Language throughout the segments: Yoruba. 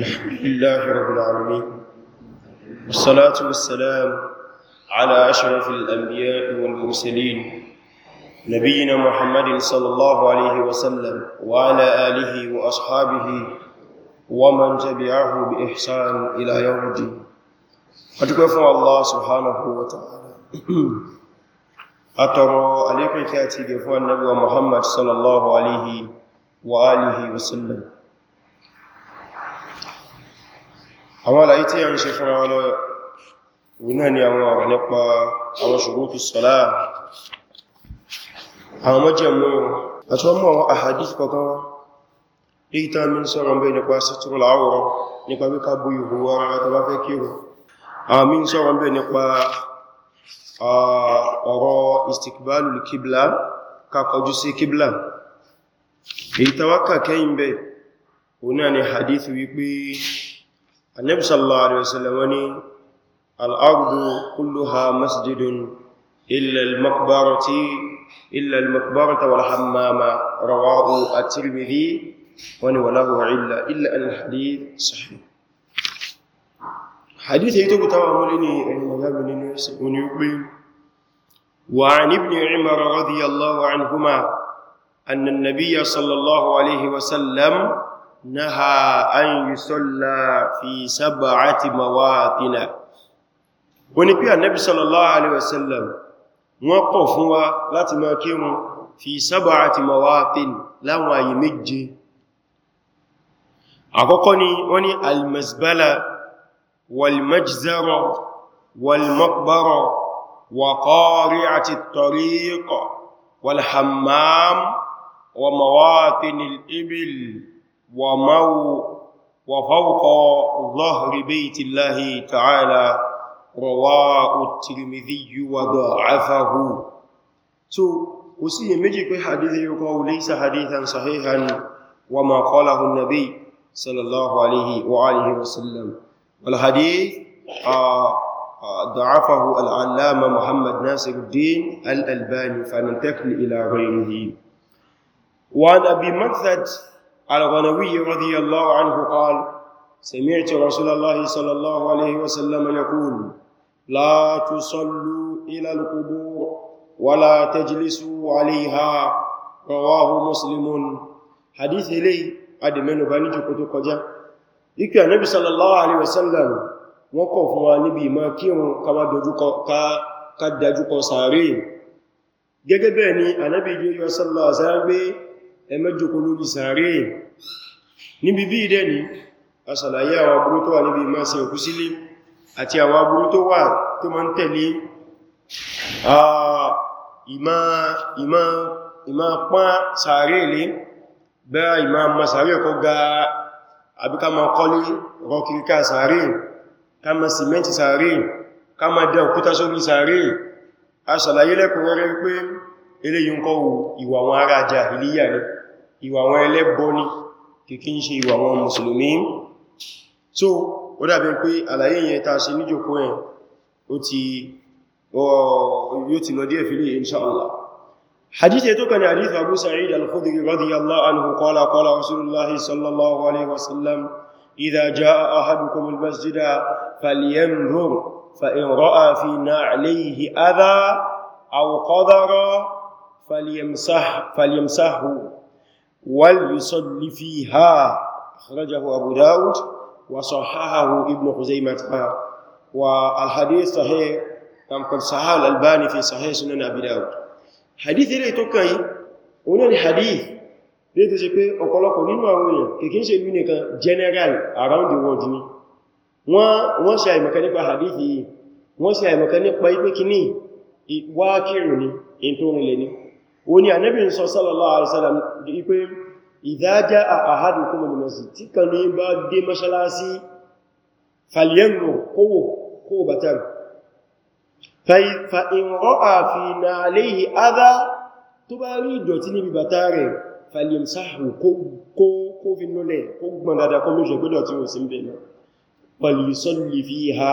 الحمد لله رب العالمين والصلاة والسلام على أشرف الأنبياء والمرسلين نبينا محمد صلى الله عليه وسلم وعلى آله وأصحابه ومن تبعه بإحسان إلى يوم الدين أتكفى الله سبحانه وتعالى أترى عليك كاتب فوى النبي محمد صلى الله عليه وآله وسلم àwọn àlàyé tí a ń ṣe fún àwọn lọ wùnà ni àwọn ọ̀rọ̀ nípa àwọn ṣùgbókù sọ́lá àwọn mọ́jẹ̀mú àti wọ́n mọ́ àwọn àhàdíf kọ̀kan èyí tá mi ń sọ̀rọ̀ bẹ́ nípa sẹ́tùrù láwọ̀rọ̀ nípa bí ká bú ìhù ọ̀rọ̀ istikbalul kibla ká sí kibla èyí tawaka kẹ́yìn bẹ́ òun náà hadith wípé النبي صلى الله عليه وسلم وني الأرض كلها مسجد إلا المقبرة إلا المقبرة والحمام رواه الترمذي وني وله علة إلا أن الحديث صحيح حديث يتوب أن إني المذهب من يقبل وعن ابن عمر رضي الله عنهما أن النبي صلى الله عليه وسلم نهى أن يصلى في سبعة مواطن wọ́n ní pé ànábì sallallahu alaihi wasallam wọ́n kọ̀ fún wa láti máa kírun fi sab'ati mawatin láwọn àyè méje àkọ́kọ́ ni wọ́n ní almasbala walmajzara walmaqbara wa qari'ati at-tariq walhammam wa mawatin al-ibil ومو وفوق ظهر بيت الله تعالى رواه الترمذي وضعفه so kò sí yẹ méjì pé hadithi yíkọ́ laysa hadithan sahihan wa ma qalahu an-nabi sallallahu alaihi wa alihi wasallam wal hadith ضعفه العلامة محمد ناصر الدين الألباني فننتقل إلى غيره وعن أبي مكثت الغنوي رضي الله عنه قال سمعت رسول الله صلى الله عليه وسلم يقول لا تصلوا إلى القبور ولا تجلسوا عليها رواه مسلم حديث إليه أدمن بانيج كتو قجا إكي النبي صلى الله عليه وسلم وقف وانبي ما كيرو كما دوجوكو كدجوكو ساري gẹ́gẹ́ bẹ́ẹ̀ ni ànábì yíò sallallahu alaihi wasallam ẹ má lórí sàárè níbi bí ìdẹ́ ni a ṣàlàyé àwọn aburú tó wà níbi ìmá sí òkú sílé àti àwọn aburú tó wà tó ma ń tẹ̀lé ìmá pán sàárè lé bẹ́ ìmá ma sàárè kọ ga àbí ká ma kọ́lé rọkìríká sàárè ká ma sìmẹ́ntì sàárè ká ma dá òkúta sórí sàárè ìwà wọn ẹlẹ́bọ ni kìkí ń ṣe ìwà wọn mùsùlùmí so ó dàbí pé àlàyé yẹn ta ṣe níjòkó ẹ̀ ó ti yóò ti lọ díẹ̀ fílé inṣáàlá hadith tó kàn ní hadith abu sa'id al-khudri radiyallahu anhu qala qala rasulullahi sallallahu alaihi wasallam idha jaa ahadukum al-masjida falyanzur fa in ra'a fi وليصلي فيها أخرجه أبو داود وصححه ابن خزيمة والحديث صحيح كم قد صححه الألباني في صحيح سنن أبي داود حديث إليه توكاي هنا الحديث lè tó ṣe pé ọ̀pọ̀lọpọ̀ nínú àwọn èèyàn kìkín ṣe ìlú nìkan general around the world ni wọ́n ṣe àìmọ̀kẹ́ nípa hadithi wọ́n ṣe àìmọ̀kẹ́ nípa ipé kìíní wákìrù ni in tó rìnlẹ̀ ni o ni Ànábì sallallahu alaihi ìdájá àhádùn kúmọ̀ ní masjid tí kanú yí bá dé mọ́ṣálásí fàlẹ́nù kówò kówò bàtàrí fa'inrọ́ àfihàn aléhì adá tó bá rí ìdọ̀tí níbi bàtàrí fàlẹ́msáhù kó fi nólẹ̀ kó gbọ́n dada kó mẹ́ṣẹ̀ pé dọ̀tí wọ́n sí ń bẹ̀rẹ̀ pàlìsọ́lì fi ha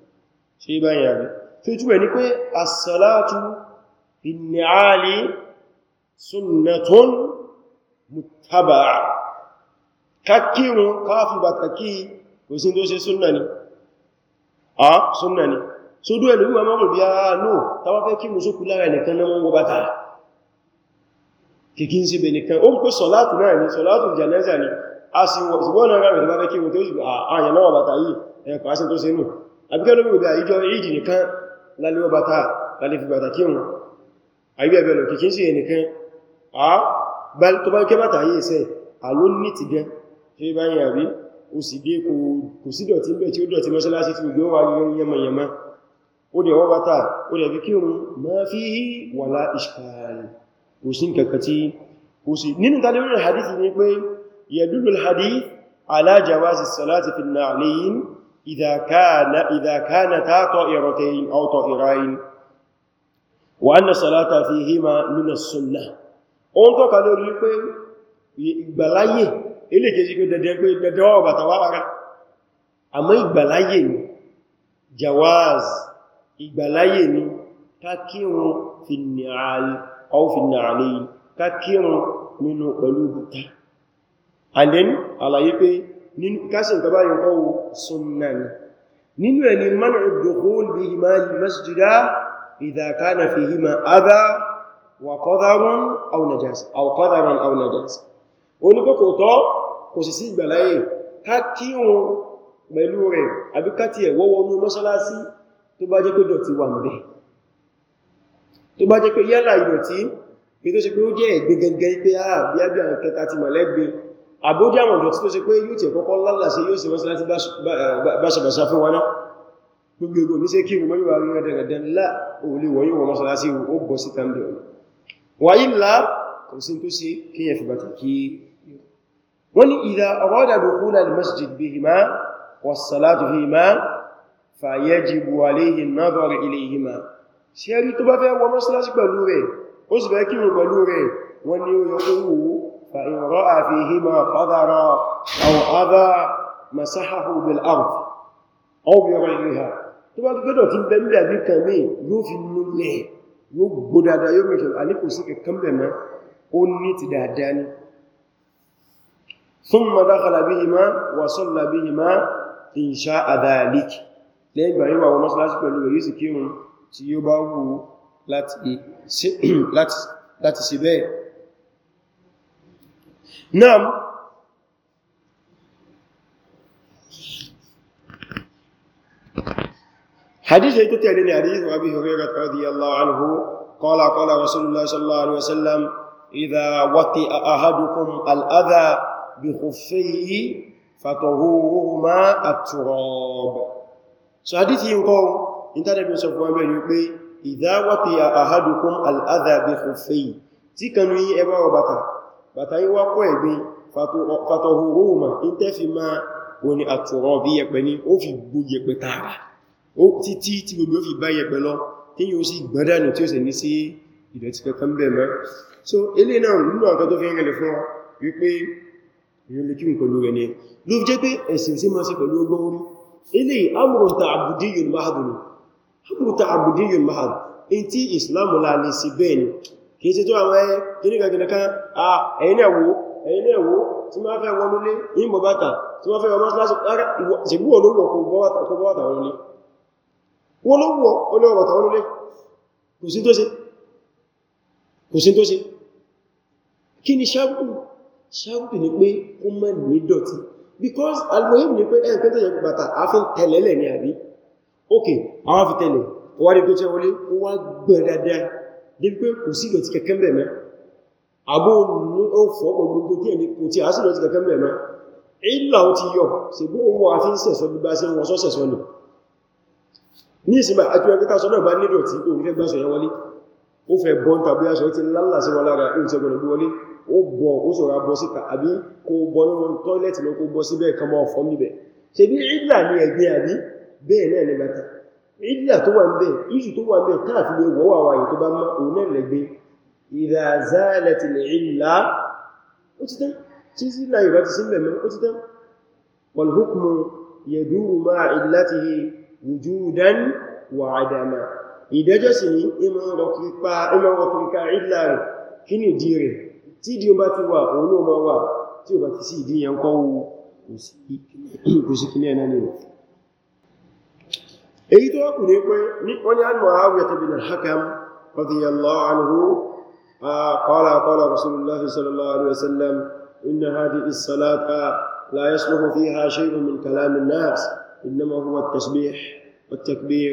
ṣe bá yà rẹ̀ tí ó túnbẹ̀ ní pé as-salatu bin-ni'ali sunnatun muttaba'a kakírun káfíbàtà kí kò sí tó ṣe súnnà ni a súnnà ni so dú ẹ̀lú wíwá mọ́rùn bí a lò tàbá fẹ́ kí mùsùkú lára nìkan náà wọ́n bá tàà kìkí ń síbẹ̀ nìkan ó ń pè sọ̀látù náà ni sọ̀látù jánásà ni a sì wọ́n náà rẹ̀ tàbá fẹ́ kí mùsùkú lára àbíkẹ́ lórí ìgbà ìjọ ìdì nìkan lálẹ́ ọbátá lálẹ́ fi bàtà kí wọn àyíwẹ̀ ẹ̀bẹ̀ lọ kìkín sí ẹnìkan a bá tó bá kẹ́ bàtà yìí sẹ́ àló ní ti gẹ́ ṣe bá yìí àbí ó sì dé kò sí dọ̀tí bẹ̀ tí ó dọ̀tí mọ́ṣáláṣí tí gbogbo wa yẹmọ̀yẹmọ́ ó dẹ̀ wọ́n bàtà ó dẹ̀ fi kí wọn ma fi wàlá nínú tàbí hadith ni pé yadulul hadith ala jawazi salati fi na'aliyin إذا كان إذا كانتا طائرتين أو طائرين وأن الصلاة فيهما من السنة ohun tó kàlẹ̀ orí pé ìgbàláyè ilékèsí pé dẹ̀dẹ̀ pé dẹ̀dẹ̀ ọwọ́ bàtà wà ara àmọ́ ìgbàláyè ni jawaz ìgbàláyè ni kákírùn fìnnààlì kákírùn nínú pẹ̀lú bùtà and then àlàyé pé nínú kásìn gaba yóò kọwọ́ sunna ni nínú ẹni man ad-dukhul bihima al-masjida idha kana fihima adha wa qadaran aw najasa aw qadaran aw najasa oníkòkò tọ́ kò sì sí ìgbàláyè ká kí wọn pẹ̀lú rẹ̀ àbí ká ti ẹ̀wọ́wọ́ ní mọ́sálásí tó bá jẹ́ pé dọ̀tí wà níbẹ̀ tó bá jẹ́ pé yálà ìdọ̀tí pé tó ṣe pé ó jẹ́ ẹ̀gbẹ̀gẹ̀gẹ̀ pé àà ah, bí á àwọn kẹta ti mọ̀lẹ́gbẹ̀ẹ́ àbójá àwọn ọ̀dọ̀ tí ó ṣe pé yóò tẹ̀ kọ́kọ́ lálàṣẹ yóò sì wọ́n sí láti báṣàbàṣà fún wọn náà gbogbo ẹgbò ní sí kí ìwọ̀n yíwa rí ẹ̀dẹ̀gẹ̀dẹ̀n lá òòlè wọ́n yíò wọ́n mọ́sálásí ó bọ̀ sí tàbí ọ̀nà wáyí ńlá kò sí tó sí kí yẹn fìbàtà kí wọ́n ni ìdá ọ̀rọ̀dà dukhula al ó yọ kó فإن رأى فيهما قذرا أو أذى مسحه بالأرض أو بغيرها tó bá gbọ́dọ̀ tí bẹ̀mí àbí kàmí yóò fi múlẹ̀ yóò gbódada yóò mẹ́ṣẹ̀ àníkò sí kẹkàn bẹ̀mọ́ ó ní ti dáadáa ní ثم دخل بهما وصلى بهما إن شاء ذلك lẹ́yìn gbà yíwa wọn mọ́sílásí pẹ̀lú èyí sì kírun tí yóò bá wù láti sí bẹ́ẹ̀ náà حديث يتتعلن حديث أبي هريرة رضي الله عنه قال قال رسول الله صلى الله عليه وسلم إذا وطئ أحدكم الأذى بخفيه فطهورهما التراب so hadith yìí ńkọ́ internet mi sọ fún إذا وطئ أحدكم الأذى بخفيه tí kanu yí ẹbá bàtà yí wá kọ́ ẹ̀gbin fàtọ̀hùrùmà in tẹ́ fi máa wọn ni àtọ̀rọ̀ bí yẹ̀pẹ̀ ní ó fi gbó yẹ̀pẹ̀ tààrà ó títí tí gbogbo fi bá yẹ̀pẹ̀ lọ tí yíó sì gbọ́dánù tí ó sì ní sí ìdọ̀tí so ilé náà nínú àkọ́ tó fi ń rẹ̀lẹ̀ fún wa wípé yíó lè kírun pẹ̀lú rẹ̀ ni ló jẹ́ pé ẹ̀sìn sí máa sí pẹ̀lú ọgbọ́n orí ilé amúrùta àbùdí yóò kìí ṣe tó àwọn ẹ gínigaginakan a ẹ̀yìn ẹ̀wò ẹ̀yìn ẹ̀wò tí ma fẹ́ wọnú lé ìmọ̀ bàtà tí ma fẹ́ wọ mọ́sílásí ara ìṣègbú olówó kò bọ́ bàtà wọnú lé wọ́n ló wọ́ olówó bàtà wọnú lé kò sí ni ṣáàbù ṣáàbù ni pé kó mọ́ ní dọ̀tí dípé kò sí ìdọ̀tí kẹ̀kẹ́ mẹ́mẹ́ àbó ọ̀fọ́ gbogbo tí ẹni kò tí a sí ìdọ̀tí kẹ̀kẹ́ mẹ́mẹ́ ìlà ó ti yọ sí bó ń wọ́ a fi ń sẹ̀sọ́ gbígbá sí wọn sọ́sẹ̀sọ́ nì ní ìsinmi àti ẹgbẹ́ta sọ náà bá nílò tí ó fẹ́ gbáṣọ yẹn wọlé ó fẹ́ bọ́n tàbí aṣọ ti lálà sí wọn lára ìrìnsẹ̀ gbọ́nà bí wọlé ó bọ̀ ó sọ̀rọ̀ abọ́ síta àbí kó bọ́ ní wọn tọ́lẹ̀tì lọ kó bọ́ síbẹ̀ kan mọ́ ọ̀fọ́ níbẹ̀ ṣe bí ìlà ní ẹgbẹ́ àbí bẹ́ẹ̀ náà ní ìdílà tó wà ń bẹ̀ ìṣù tó wà ń bẹ̀ káàfi lè wọ́wà wáyé tó bá mọ́ onẹ́lẹ̀gbẹ́ ìdàzálẹ̀tì ìlà ó ti tán tí sí ìlà ìbá ti sílẹ̀ mọ́ ó ti tán wàlhùkmù yẹ̀dúrù máa ìlàtí wùjúdán wà àdàmà ìdẹ́jọ́ kò sí kí ní ẹ̀nà nìyàn èyí tó wákù ní pé wọ́n ni Mu'awiyah bin al-Hakam radiyallahu anhu qala qala rasulullah sallallahu alaihi wasallam inna hadhihi as-salata la yasluhu fiha shay'un min kalam an-nas innama huwa at-tasbih wat-takbir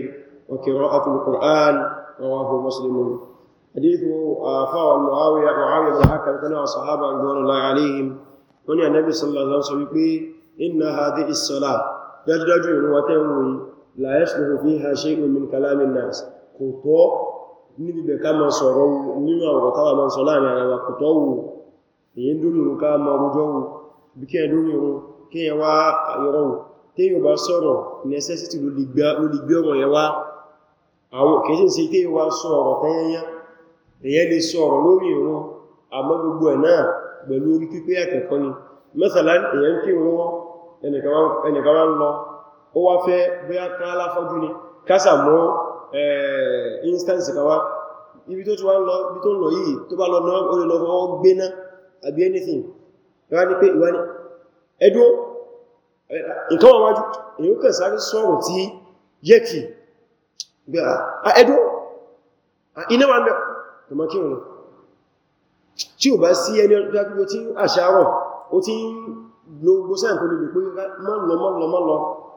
wa qira'atu al-Qur'an rawahu Muslim hadith afaw Mu'awiyah Mu'awiyah bin al-Hakam kana sahaba radiyallahu alaihim wọ́n ni annabi sallallahu alaihi wasallam inna hadhihi as-salat dájúdájú ìrùn wa tẹ́wọ̀n yìí la yasluhu fiha shay'un min kalami an-nas kò tọ́ níbi bẹ̀ ká máa sọ̀rọ̀ nínú àwọn káwà máa sọ láàrin ara wa kò tọ́ wù èyí dúró ká máa rújọ́ wù bí kí ẹ dúró wọn kí ẹ wá ayọ́rọ̀ wù tí yóò bá sọ̀rọ̀ necessity ló lè gbé ọ̀rọ̀ yẹn wá àwọn kìí sí tí wá sọ̀rọ̀ tẹ́yẹnyá èyẹ lè sọ̀rọ̀ lórí ìrún àmọ́ gbogbo ẹ̀ náà pẹ̀lú orí pípé ẹ̀kẹ̀kọ́ ni mẹ́sàlá èyẹ ń kí wọ́n ẹnìkan wá ń lọ ó wá fẹ́ bóyá kan aláfọ́jú ni kásà mọ́ instance kan wá ibi tó wá lọ ibi tó lọ yìí tó bá lọ náà ó lè lọ fọwọ́ gbéná àbí anything wá ní pé ìwá ní ẹdú nǹkan wọn wájú èyí ó kàn sáré sọ̀rọ̀ tí yẹ kì gbé à ẹdú iná wà ń bẹ̀ tọmọ kí wọn tí ò bá sí ẹni ọjọ́ tí àṣà rọ̀ ó ti ń gbogbo sáà lè pé mọ́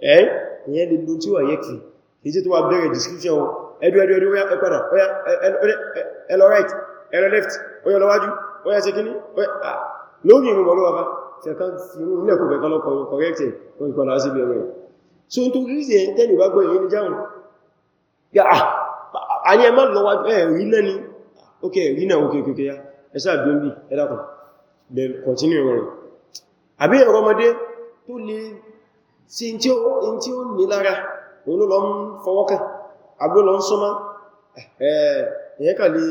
eh ìyẹn lè lo tí wà yẹ kì í tí tó wà bẹ̀rẹ̀ description wọn ẹdú ẹdú ẹdú ẹ padà ọya ẹlọ right ẹlọ left ọya lọ́wájú ọya ṣe kíní ah, lórí ìrìn wọ́n lọ́wọ́ fẹ́kàn sí ilẹ̀ kò fẹ́kàn lọ́kọ̀ correct ẹ̀ wọ́n ìpàdà sí bẹ̀rẹ̀ so n tó rí sí tẹ́lì bá gbọ́ ìrìn jáun àní ẹ má lọ́wájú ẹ̀ rí náà ni ok rí náà ok ok ya ẹ sáà bí ó ń bí ẹ dákùn then continue rọrùn àbí ẹ̀rọ ọmọdé tó lè sí in tí ó ní lára òun ló lọ ń fọwọ́kà àbí ló lọ ń súnmọ́ ẹ̀yẹ́ kà lè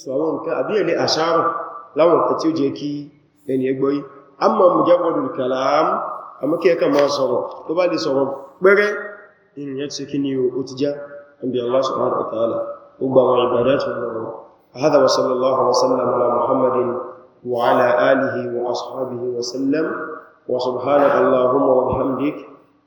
sọ àwọn nǹkan àbí ẹ̀lẹ́ àṣàrọ̀ láwọn nǹkan tí ó jẹ́ kí ẹni ẹgbọ́ yìí a mọ̀ mú jábọ̀dù kàlàm هذا وصلى الله وسلم على محمد وعلى آله وأصحابه وسلم وسبحانك اللهم وبحمدك